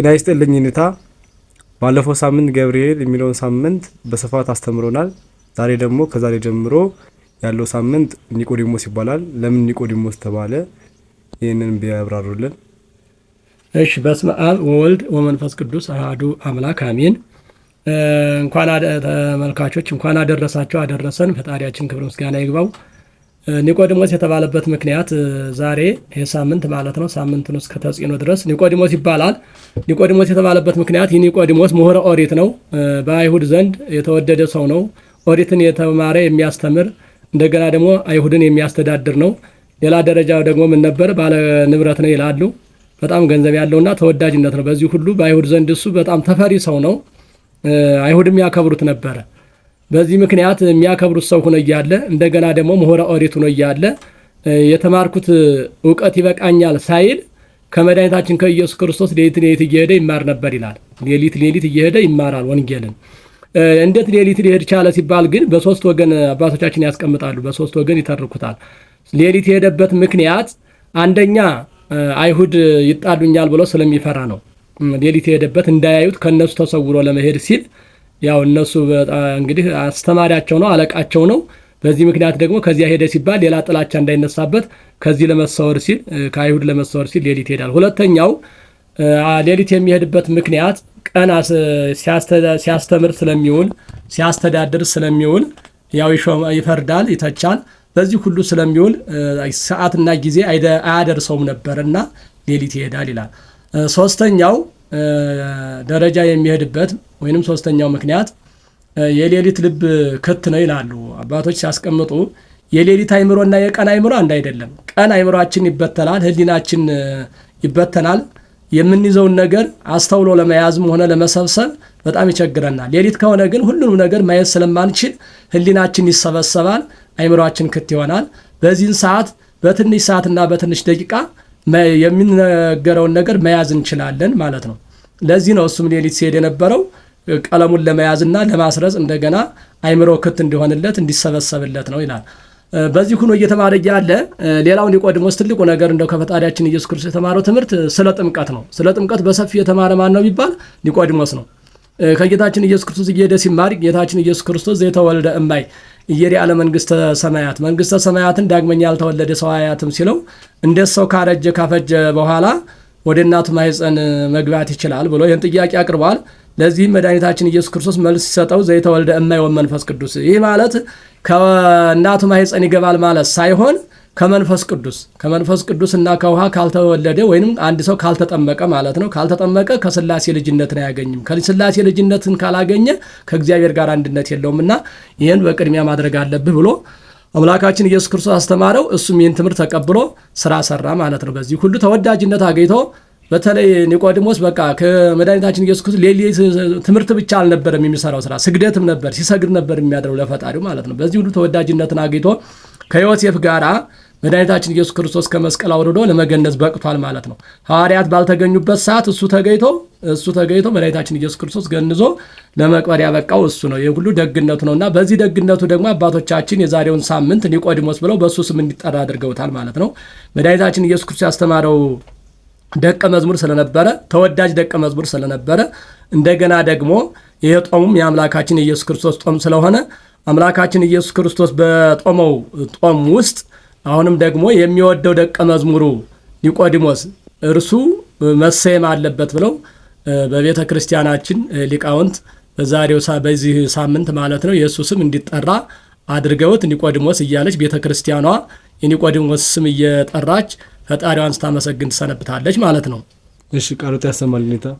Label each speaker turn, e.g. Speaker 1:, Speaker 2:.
Speaker 1: ጤና ይስጥልኝ ኔታ። ባለፈው ሳምንት ገብርኤል የሚለውን ሳምንት በስፋት አስተምሮናል። ዛሬ ደግሞ ከዛሬ ጀምሮ ያለው ሳምንት ኒቆዲሞስ ይባላል። ለምን ኒቆዲሞስ ተባለ? ይህንን ቢያብራሩልን።
Speaker 2: እሺ። በስመ አብ ወወልድ ወመንፈስ ቅዱስ አህዱ አምላክ አሜን። እንኳን ተመልካቾች እንኳን አደረሳቸው አደረሰን። ፈጣሪያችን ክብር ምስጋና ይግባው። ኒቆዲሞስ የተባለበት ምክንያት ዛሬ ይህ ሳምንት ማለት ነው። ሳምንቱን እስከ ተጽዕኖ ድረስ ኒቆዲሞስ ይባላል። ኒቆዲሞስ የተባለበት ምክንያት ይህ ኒቆዲሞስ ምሁረ ኦሪት ነው። በአይሁድ ዘንድ የተወደደ ሰው ነው። ኦሪትን የተማረ የሚያስተምር እንደገና ደግሞ አይሁድን የሚያስተዳድር ነው። ሌላ ደረጃ ደግሞ ምን ነበር? ባለ ንብረት ነው ይላሉ። በጣም ገንዘብ ያለውና ተወዳጅነት ነው። በዚህ ሁሉ በአይሁድ ዘንድ እሱ በጣም ተፈሪ ሰው ነው። አይሁድም ያከብሩት ነበረ። በዚህ ምክንያት የሚያከብሩት ሰው ሆነ እያለ እንደገና ደግሞ ምሁረ ኦሪት ሆነ እያለ የተማርኩት እውቀት ይበቃኛል ሳይል ከመድኃኒታችን ከኢየሱስ ክርስቶስ ሌሊት ሌሊት እየሄደ ይማር ነበር ይላል። ሌሊት ሌሊት እየሄደ ይማራል ወንጌልን። እንዴት ሌሊት ሊሄድ ቻለ ሲባል ግን በሶስት ወገን አባቶቻችን ያስቀምጣሉ፣ በሶስት ወገን ይተርኩታል። ሌሊት የሄደበት ምክንያት አንደኛ አይሁድ ይጣሉኛል ብሎ ስለሚፈራ ነው። ሌሊት የሄደበት እንዳያዩት ከእነሱ ተሰውሮ ለመሄድ ሲል ያው እነሱ እንግዲህ አስተማሪያቸው ነው፣ አለቃቸው ነው። በዚህ ምክንያት ደግሞ ከዚያ ሄደ ሲባል ሌላ ጥላቻ እንዳይነሳበት ከዚህ ለመሰወር ሲል ከአይሁድ ለመሰወር ሲል ሌሊት ይሄዳል። ሁለተኛው ሌሊት የሚሄድበት ምክንያት ቀን ሲያስተምር ስለሚውል ሲያስተዳድር ስለሚውል ያው ይፈርዳል፣ ይተቻል። በዚህ ሁሉ ስለሚውል ሰዓትና ጊዜ አያደርሰውም ነበር እና ሌሊት ይሄዳል ይላል። ሶስተኛው ደረጃ የሚሄድበት ወይንም ሶስተኛው ምክንያት የሌሊት ልብ ክት ነው ይላሉ አባቶች ሲያስቀምጡ። የሌሊት አይምሮና የቀን አይምሮ አንድ አይደለም። ቀን አይምሮችን ይበተናል፣ ህሊናችን ይበተናል። የምንይዘውን ነገር አስተውሎ ለመያዝም ሆነ ለመሰብሰብ በጣም ይቸግረናል። ሌሊት ከሆነ ግን ሁሉንም ነገር ማየት ስለማንችል ህሊናችን ይሰበሰባል፣ አይምሮችን ክት ይሆናል። በዚህን ሰዓት በትንሽ ሰዓትና በትንሽ ደቂቃ የሚነገረውን ነገር መያዝ እንችላለን ማለት ነው። ለዚህ ነው እሱም ሌሊት ሲሄድ የነበረው ቀለሙን ለመያዝና ለማስረጽ እንደገና አይምሮ ክት እንዲሆንለት እንዲሰበሰብለት ነው ይላል። በዚህ ሁኖ እየተማረ ያለ ሌላው ኒቆዲሞስ ትልቁ ነገር እንደው ከፈጣሪያችን ኢየሱስ ክርስቶስ የተማረው ትምህርት ስለ ጥምቀት ነው። ስለ ጥምቀት በሰፊ የተማረ ማን ነው ቢባል ኒቆዲሞስ ነው። ከጌታችን ኢየሱስ ክርስቶስ እየሄደ ሲማር ጌታችን ኢየሱስ ክርስቶስ ዘይተወልደ እማይ እየሪ አለ መንግስተ ሰማያት መንግስተ ሰማያትን ዳግመኛ ያልተወለደ ሰው አያትም ሲለው እንደ ሰው ካረጀ ካፈጀ በኋላ ወደ እናቱ ማህፀን መግባት ይችላል ብሎ ይህን ጥያቄ አቅርቧል። ለዚህም መድኃኒታችን ኢየሱስ ክርስቶስ መልስ ሲሰጠው ዘይተወልደ እማየ መንፈስ ቅዱስ፣ ይህ ማለት ከእናቱ ማህፀን ይገባል ማለት ሳይሆን ከመንፈስ ቅዱስ ከመንፈስ ቅዱስና ከውሃ ካልተወለደ ወይም አንድ ሰው ካልተጠመቀ ማለት ነው። ካልተጠመቀ ከስላሴ ልጅነትን አያገኝም። ከስላሴ ልጅነትን ካላገኘ ከእግዚአብሔር ጋር አንድነት የለውም እና ይህን በቅድሚያ ማድረግ አለብህ ብሎ አምላካችን ኢየሱስ ክርስቶስ አስተማረው፣ እሱም ይህን ትምህርት ተቀብሎ ስራ ሰራ ማለት ነው። በዚህ ሁሉ ተወዳጅነት አግኝቶ በተለይ ኒቆዲሞስ በቃ ከመድኃኒታችን ኢየሱስ ክርስቶስ ሌሊት ትምህርት ብቻ አልነበረም የሚሰራው ስራ፣ ስግደትም ነበር፣ ሲሰግድ ነበር የሚያደርገው ለፈጣሪው ማለት ነው። በዚህ ሁሉ ተወዳጅነትን አግኝቶ ከዮሴፍ ጋራ መድኃኒታችን ኢየሱስ ክርስቶስ ከመስቀል አውርዶ ለመገነዝ በቅቷል ማለት ነው። ሐዋርያት ባልተገኙበት ሰዓት እሱ ተገኝቶ እሱ ተገኝቶ መድኃኒታችን ኢየሱስ ክርስቶስ ገንዞ ለመቅበር ያበቃው እሱ ነው። ይህ ሁሉ ደግነቱ ነው እና በዚህ ደግነቱ ደግሞ አባቶቻችን የዛሬውን ሳምንት ኒቆዲሞስ ብለው በእሱ ስም እንዲጠራ አድርገውታል ማለት ነው። መድኃኒታችን ኢየሱስ ክርስቶስ ያስተማረው ደቀ መዝሙር ስለነበረ ተወዳጅ ደቀ መዝሙር ስለነበረ እንደገና ደግሞ ይህ ጦሙም የአምላካችን የኢየሱስ ክርስቶስ ጦም ስለሆነ አምላካችን ኢየሱስ ክርስቶስ በጦመው ጦም ውስጥ አሁንም ደግሞ የሚወደው ደቀ መዝሙሩ ኒቆዲሞስ እርሱ መሰየም አለበት ብለው በቤተ ክርስቲያናችን ሊቃውንት በዛሬው በዚህ ሳምንት ማለት ነው የእሱ ስም እንዲጠራ አድርገውት ኒቆዲሞስ እያለች ቤተ ክርስቲያኗ የኒቆዲሞስ ስም እየጠራች ፈጣሪዋን ስታመሰግን ትሰነብታለች ማለት ነው።
Speaker 1: እሺ ቃሉት ያሰማል ኔታ